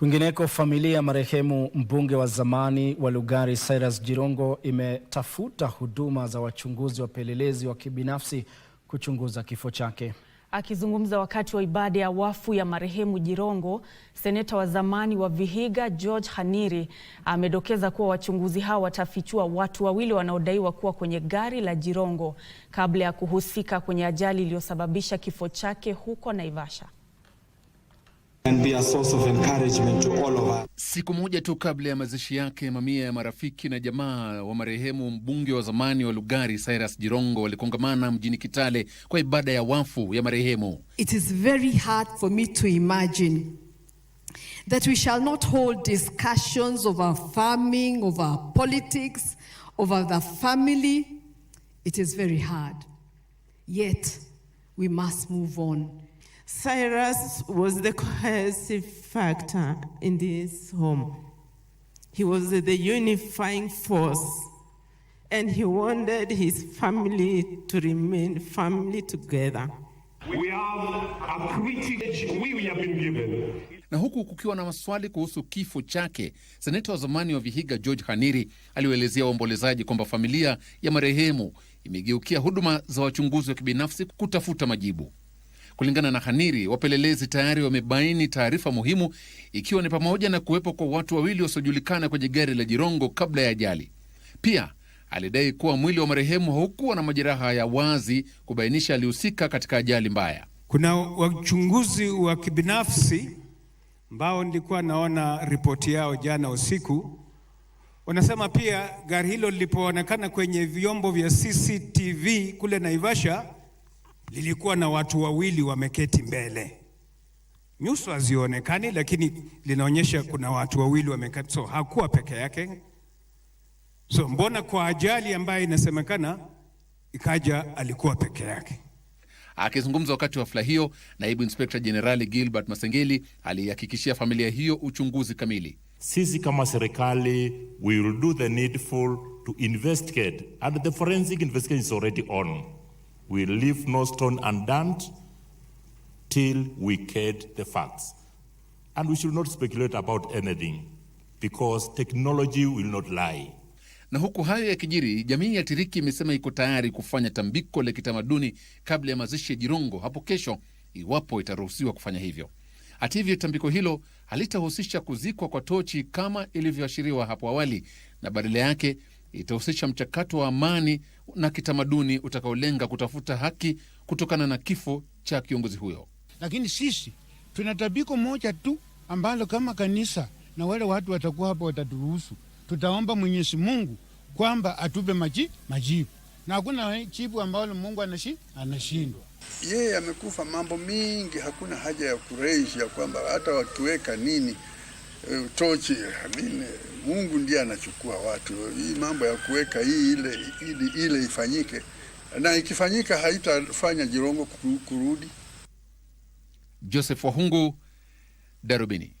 Kwingineko, familia ya marehemu mbunge wa zamani wa Lugari Cyrus Jirongo imetafuta huduma za wachunguzi wapelelezi wa kibinafsi kuchunguza kifo chake. Akizungumza wakati wa ibada ya wafu ya marehemu Jirongo, seneta wa zamani wa Vihiga George Haniri amedokeza kuwa wachunguzi hao watafichua watu wawili wanaodaiwa kuwa kwenye gari la Jirongo kabla ya kuhusika kwenye ajali iliyosababisha kifo chake huko Naivasha. And be a source of encouragement to all of us. Siku moja tu kabla ya mazishi yake, mamia ya marafiki na jamaa wa marehemu mbunge wa zamani wa Lugari Cyrus Jirongo walikongamana mjini Kitale kwa ibada ya wafu ya marehemu. It is very hard for me to imagine that we shall not hold discussions over farming, over politics, over the family. It is very hard. Yet we must move on. Cyrus was the cohesive factor in this home. He was the unifying force, and he wanted his family to remain family together. We have a privilege we have been given. Na huku kukiwa na maswali kuhusu kifo chake, seneta wa zamani wa Vihiga George Haniri aliwaelezea waombolezaji kwamba familia ya marehemu imegeukia huduma za wachunguzi wa kibinafsi kutafuta majibu. Kulingana na Khaniri, wapelelezi tayari wamebaini taarifa muhimu, ikiwa ni pamoja na kuwepo kwa watu wawili wasiojulikana kwenye gari la Jirongo kabla ya ajali. Pia alidai kuwa mwili wa marehemu haukuwa na majeraha ya wazi kubainisha alihusika katika ajali mbaya. Kuna wachunguzi wa kibinafsi ambao nilikuwa naona ripoti yao jana usiku, wanasema pia gari hilo lilipoonekana kwenye vyombo vya CCTV kule Naivasha lilikuwa na watu wawili wameketi mbele, nyuso hazionekani, lakini linaonyesha kuna watu wawili wameketi, so hakuwa peke yake. So mbona kwa ajali ambayo inasemekana ikaja alikuwa peke yake? Akizungumza wakati wa hafla hiyo, naibu inspekta jenerali Gilbert Masengeli alihakikishia familia hiyo uchunguzi kamili. Sisi kama serikali we will do the needful to investigate and the forensic investigation is already on We leave no stone undone till we get the facts. And we should not speculate about anything because technology will not lie. Na huku hayo ya kijiri jamii ya Tiriki imesema iko tayari kufanya tambiko la kitamaduni kabla ya mazishi ya Jirongo hapo kesho, iwapo itaruhusiwa kufanya hivyo. Hata hivyo, tambiko hilo halitahusisha kuzikwa kwa tochi kama ilivyoashiriwa hapo awali, na badala yake itahusisha mchakato wa amani na kitamaduni utakaolenga kutafuta haki kutokana na kifo cha kiongozi huyo. Lakini sisi tuna tabiko moja tu ambalo kama kanisa na wale watu watakuwa hapa wataturuhusu, tutaomba Mwenyezi Mungu kwamba atupe maji majibu, na hakuna jibu ambalo Mungu anashi anashindwa. Yeye amekufa mambo mingi, hakuna haja ya kureisha kwamba hata wakiweka nini Eh, tochi Amini, Mungu ndiye anachukua watu. Hii mambo ya kuweka hii ile ili ile ifanyike, na ikifanyika haitafanya jirongo kurudi. Joseph Wahungu, Darubini.